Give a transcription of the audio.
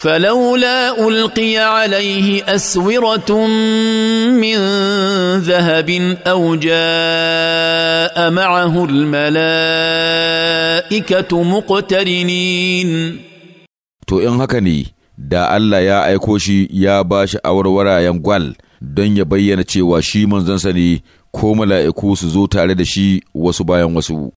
فلولا القي عليه اسوره من ذهب او جاء معه الملائكه مقترنين to in haka ne da Allah ya aiko shi ya ba shi awarwarayen gwal don ya bayyana cewa shi manzansa ne ko mala'iku su zo tare da shi wasu bayan wasu